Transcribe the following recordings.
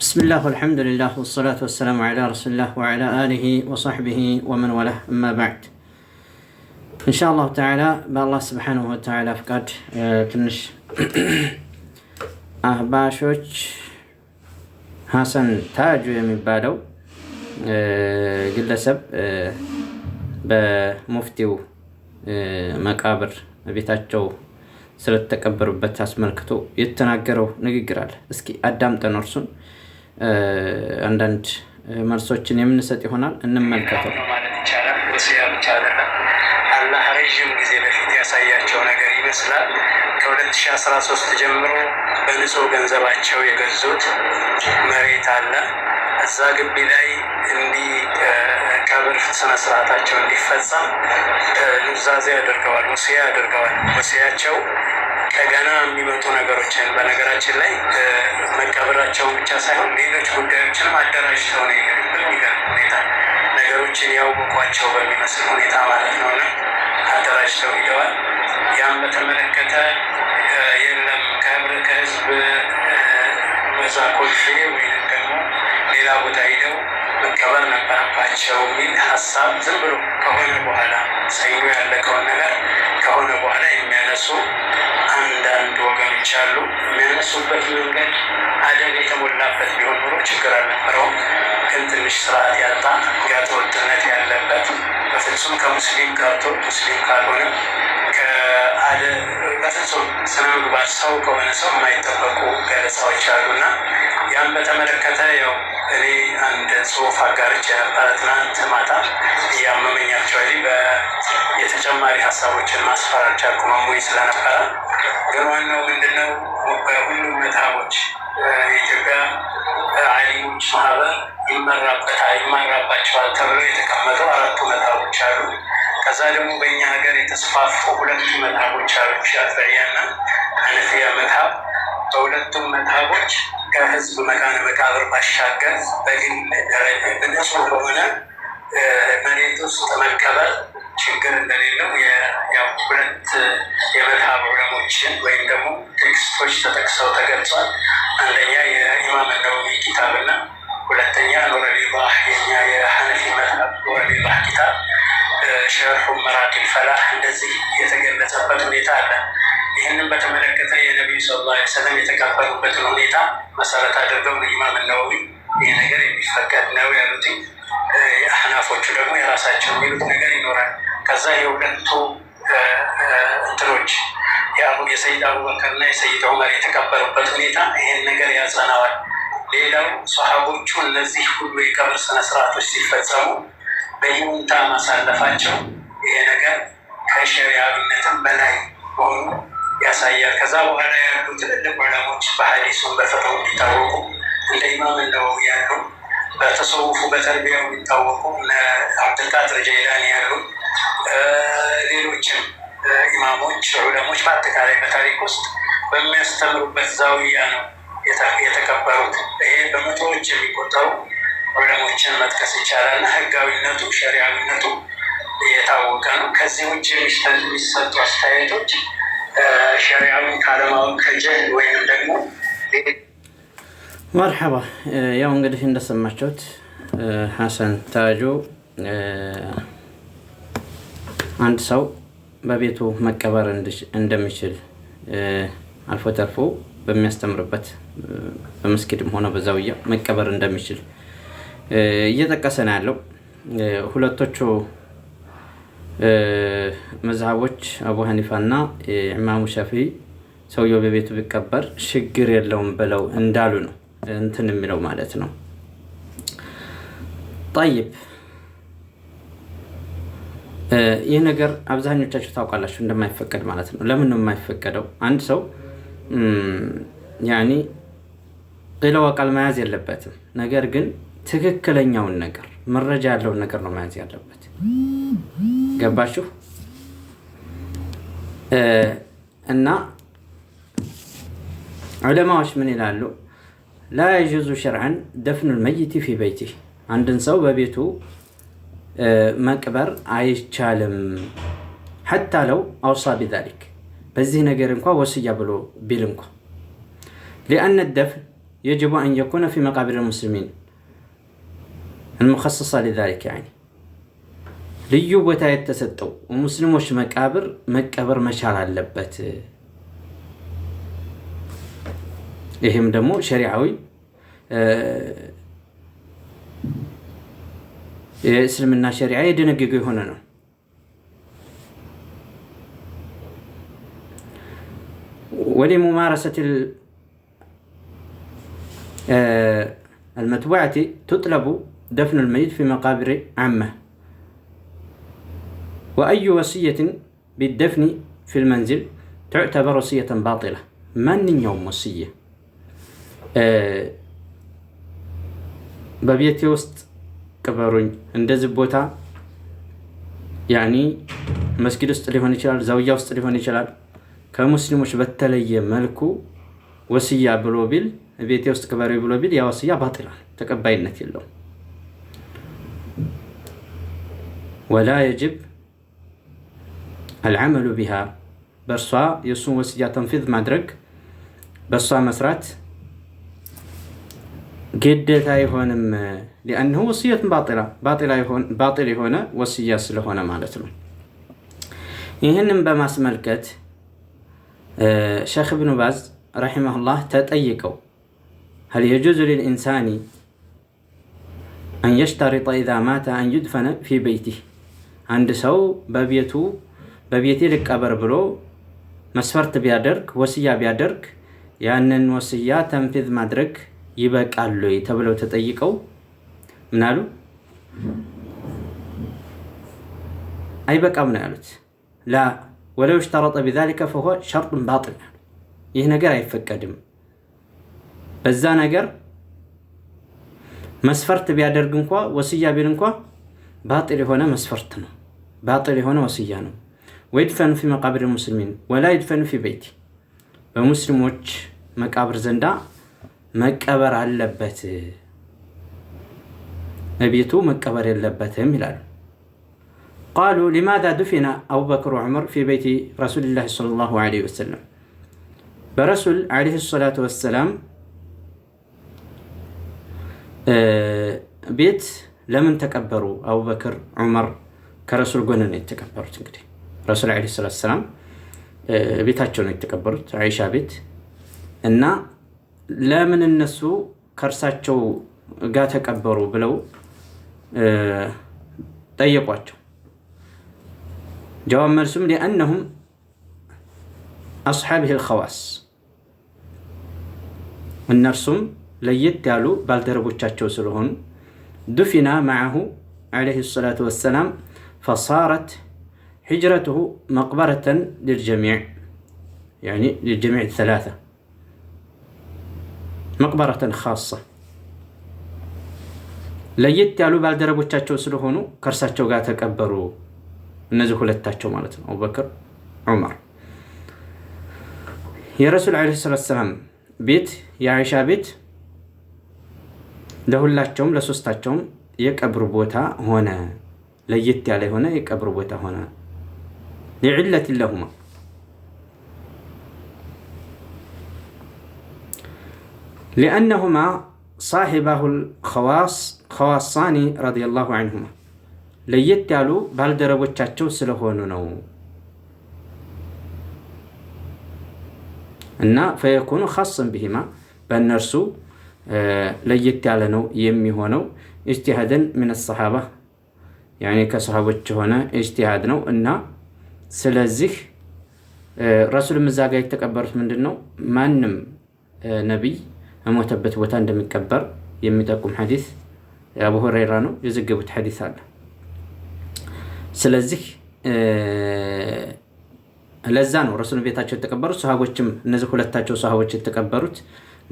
بسم الله والحمد لله والصلاة والسلام على رسول الله وعلى آله وصحبه ومن والاه أما بعد إن شاء الله تعالى بالله سبحانه وتعالى فقد تنش أهباشوش አህባሾች ሀሰን بادو የሚባለው سب آه، آه، በሙፍቲው مكابر آه، بيتاجو ስለተቀበሩበት አስመልክቶ የተናገረው ንግግር አለ። እስኪ አዳምጠን እርሱን አንዳንድ መልሶችን የምንሰጥ ይሆናል። እንመልከተው። አላህ ረዥም ጊዜ በፊት ያሳያቸው ነገር ይመስላል። ከ2013 ጀምሮ በንጹህ ገንዘባቸው የገዙት መሬት አለ። እዛ ግቢ ላይ እንዲህ ቀብር ስነስርዓታቸው እንዲፈጸም ኑዛዜ ያደርገዋል፣ ሙሴ ያደርገዋል። ሙሴያቸው ነገሮችን በነገራችን ላይ መቀበራቸውን ብቻ ሳይሆን ሌሎች ጉዳዮችንም አደራጅተው ነው የሄዱ። በሚገርም ሁኔታ ነገሮችን ያወቋቸው በሚመስል ሁኔታ ማለት ነው እና አደራጅተው ሂደዋል። ያም በተመለከተ የለም ከህብር ከህዝብ መዛኮች ወይም ሌላ ቦታ ሄደው መቀበር ነበረባቸው የሚል ሀሳብ ዝም ብሎ ከሆነ በኋላ ሰኞ ያለቀውን ነገር ከሆነ በኋላ የሚያነሱ አንዳንድ ወገኖች አሉ። የሚያነሱበት መንገድ አደብ የተሞላበት ቢሆን ኖሮ ችግር አልነበረውም። ግን ትንሽ ስርዓት ያጣ ጋጠወጥነት ያለበት በፍጹም ከሙስሊም ቀርቶ ሙስሊም ካልሆነ በፍጹም ስነ ምግባር ሰው ከሆነ ሰው የማይጠበቁ ገለጻዎች አሉና ያም በተመለከተ ያው እኔ አንድ ጽሁፍ አጋርቼ ነበረ ትናንት ማታ እያመመኛቸው አክቹዋሊ የተጨማሪ ሀሳቦችን ማስፈር አልቻልኩም አሞኝ ስለነበረ። ግን ዋናው ምንድነው በሁሉም መዝሀቦች የኢትዮጵያ አሊሞች ማህበር ይመራባቸዋል ተብሎ የተቀመጡ አራቱ መዝሀቦች አሉ። ከዛ ደግሞ በእኛ ሀገር የተስፋፉ ሁለቱ መዝሀቦች አሉ፣ ሻትበያና ሐነፊያ መዝሀብ። በሁለቱም መዝሀቦች ከህዝብ መካነ መቃብር ባሻገር በግል ንጹህ በሆነ መሬት ውስጥ መቀበር ችግር እንደሌለው ሁለት የመርሃ ፕሮግራሞችን ወይም ደግሞ ቴክስቶች ተጠቅሰው ተገልጿል። አንደኛ የኢማም ኪታብ ኪታብና ሁለተኛ ኑረሌባህ የኛ የሐነፊ መርሃብ ኑረሌባህ ኪታብ ሸርሑ መራቂል ፈላህ እንደዚህ የተገለጸበት ሁኔታ አለ። ይህንን በተመለከተ የነቢዩ ሰለላሁ ሰለም ወሰለም ሁኔታ መሰረት አድርገው ኢማም ነወዊ ይህ ነገር የሚፈቀድ ነው ያሉት አህናፎቹ ደግሞ የራሳቸው የሚሉት ነገር ይኖራል። ከዛ የሁለቱ እንትኖች የሰይድ አቡበከር እና የሰይድ ዑመር የተቀበሩበት ሁኔታ ይህን ነገር ያጸናዋል። ሌላው ሰሃቦቹ እነዚህ ሁሉ የቀብር ስነስርዓቶች ሲፈጸሙ በይሁንታ ማሳለፋቸው ይሄ ነገር ከሸሪዓዊነትም በላይ መሆኑ ያሳያል። ከዛ በኋላ ያሉ ትልልቅ ዑለሞች በሀዲሱን በፍቅሩ የሚታወቁ እንደ ኢማም ነወዊ ያሉ በተሰውፉ በተርቢያው የሚታወቁ አብድልቃድር ጀይላኒ ያሉ ሌሎችም ኢማሞች ዑለሞች በአጠቃላይ በታሪክ ውስጥ በሚያስተምሩበት ዛውያ ነው የተከበሩት። ይሄ በመቶዎች የሚቆጠሩ ዑለሞችን መጥቀስ ይቻላል። ህጋዊነቱ ሸሪያዊነቱ የታወቀ ነው። ከዚህ ውጭ የሚሰጡ አስተያየቶች ሸሪያም ከአለማውም ከጀህል ወይም ደግሞ መርሐባ። ያው እንግዲህ እንደሰማችሁት ሐሰን ታጁ አንድ ሰው በቤቱ መቀበር እንደሚችል አልፎ ተርፎ በሚያስተምርበት በመስጊድም ሆነ በዛውያ መቀበር እንደሚችል እየጠቀሰ ነው ያለው ሁለቶቹ መዝሀቦች አቡ ሀኒፋና ኢማሙ ሸፊ ሰውየው በቤቱ ቢቀበር ችግር የለውም ብለው እንዳሉ ነው እንትን የሚለው ማለት ነው። ጠይብ ይህ ነገር አብዛኞቻችሁ ታውቃላችሁ እንደማይፈቀድ ማለት ነው። ለምን ነው የማይፈቀደው? አንድ ሰው ያኒ ቂለ ወቃል መያዝ የለበትም። ነገር ግን ትክክለኛውን ነገር መረጃ ያለውን ነገር ነው መያዝ ያለበት። ገባችሁ እና ዑለማዎች ምን ይላሉ? ላ የጁዙ ሸርዐን ደፍኑል መይት ፊ በይቲ አንድን ሰው በቤቱ መቅበር አይቻልም። ሐታ ለው አውሳ ቢዛሊክ በዚህ ነገር እንኳ ወስያ ብሎ ቢል እንኳ ሊአነ ደፍን የጅቡ አን የኩነ ፊ መቃብር ልሙስሊሚን المخصصة لذلك يعني ልዩ ቦታ የተሰጠው ሙስሊሞች መቃብር መቀበር መቻል አለበት። ይህም ደግሞ ሸሪዓዊ የእስልምና ሸሪዓ የደነገገው የሆነ ነው። ወደ ሙማረሰት አልመትቡዓቲ ቱጥለቡ ደፍን አልመይት ፊ መቃብር ዓመ ወአዩ ወስየትን ቢደፍኒ ፊል መንዚል ትዕተበር ወስየተን ባጢላ ማንኛውም ወስየ በቤቴ ውስጥ ቅበሩኝ፣ እንደዚህ ቦታ ያኒ መስጊድ ውስጥ ሊሆን ይችላል፣ ዘውያ ውስጥ ሊሆን ይችላል። ከሙስሊሞች በተለየ መልኩ ወስያ ብሎ ቢል ቤቴ ውስጥ ቅበሪ ብሎ ቢል ያ ወስያ ባጢላል፣ ተቀባይነት የለውም። ወላ የጅብ العمل بها بصا يسون وسيا تنفيذ مدرك بصا مسرات قد تايهونم اه، لأنه وصية باطلة باطلة يهون باطل هنا وسيا سلو هنا مالتنا يهنم بما سملكت اه، شيخ ابن باز رحمه الله تتأيكو هل يجوز للإنسان أن يشترط إذا مات أن يدفن في بيته عند سو بابيته በቤቴ ልቀበር ብሎ መስፈርት ቢያደርግ ወስያ ቢያደርግ ያንን ወስያ ተንፊዝ ማድረግ ይበቃሉ ተብለው ተጠይቀው ምናሉ አይበቃም ነው ያሉት። ላ ወለው ሽተረጠ ቢዛሊከ ፈሆ ሸርጡን ባጥል ያሉ ይህ ነገር አይፈቀድም። በዛ ነገር መስፈርት ቢያደርግ እንኳ ወስያ ቢል እንኳ ባጥል የሆነ መስፈርት ነው፣ ባጥል የሆነ ወስያ ነው። ወይድፈን ፊ መቃብር ሙስሊሚን ወላ ይድፈን ፊ ቤቲ በሙስሊሞች መቃብር ዘንዳ መቀበር አለበት፣ በቤቱ መቀበር የለበትም ይላሉ። ቃሉ ሊማዛ ዱፊና አቡበክር ዑመር ፊ ቤቲ ረሱልላህ ሰለላሁ ዐለይሂ ወሰለም በረሱል ዐለይሂ ሰላቱ ወሰላም ቤት ለምን ተቀበሩ? አቡበክር ዑመር ከረሱል ጎን ነው የተቀበሩት እንግዲህ ረሱል ዐለይሂ ሰላቱ ወሰላም ቤታቸው ነው የተቀበሩት፣ አይሻ ቤት እና ለምን እነሱ ከእርሳቸው ጋር ተቀበሩ ብለው ጠየቋቸው። ጀዋብ መልሱም ሊአነሁም አስሓብህ ልኸዋስ እነርሱም ለየት ያሉ ባልደረቦቻቸው ስለሆኑ ዱፊና ማዓሁ ዐለይሂ ሰላቱ ወሰላም ፈሳረት هجرته مقبرة للجميع يعني للجميع الثلاثة مقبرة خاصة ለየት ያሉ ባልደረቦቻቸው ስለሆኑ ከእርሳቸው ጋር ተቀበሩ። እነዚህ ሁለታቸው ማለት ነው፣ አቡበክር ዑመር። የረሱል ዓለይሂ ሰላቱ ሰላም ቤት የአይሻ ቤት ለሁላቸውም ለሶስታቸውም የቀብር ቦታ ሆነ፣ ለየት ያለ የሆነ የቀብር ቦታ ሆነ። ሊዕለት ለሁማ ሊአነሁማ ሳሒባሁ ልኸዋስ ኸዋሳኒ ረዲየላሁ አንሁማ ለየት ያሉ ባልደረቦቻቸው ስለሆኑ ነው እና ፈየኩኑ ኻስን ብሂማ በእነርሱ ለየት ያለ ነው የሚሆነው። ኢጅቲሃድን ምን ሰሓባ ከሰሓቦች የሆነ ኢጅቲሃድ ነው እና ስለዚህ ረሱልም እዛ ጋር የተቀበሩት ምንድን ነው? ማንም ነቢይ በሞተበት ቦታ እንደሚቀበር የሚጠቁም ሐዲስ አቡ ሁረይራ ነው የዘገቡት ሐዲስ አለ። ስለዚህ ለዛ ነው ረሱል ቤታቸው የተቀበሩት። ሰሃቦችም እነዚህ ሁለታቸው ሰሃቦች የተቀበሩት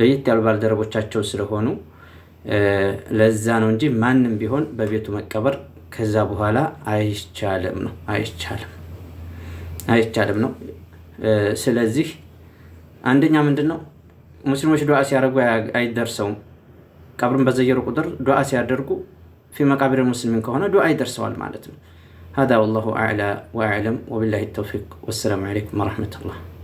ለየት ያሉ ባልደረቦቻቸው ስለሆኑ ለዛ ነው እንጂ ማንም ቢሆን በቤቱ መቀበር ከዛ በኋላ አይቻልም ነው አይቻልም። አይቻልም ነው። ስለዚህ አንደኛ ምንድን ነው ሙስሊሞች ዱዓ ሲያደርጉ አይደርሰውም። ቀብርን በዘየሩ ቁጥር ዱዓ ሲያደርጉ ፊ መቃብር ሙስሊሚን ከሆነ ዱዓ ይደርሰዋል ማለት ነው። ሀ ወላሁ አላ وأعلم ወቢላሂ ተውፊቅ ወሰላሙ عليكم ورحمة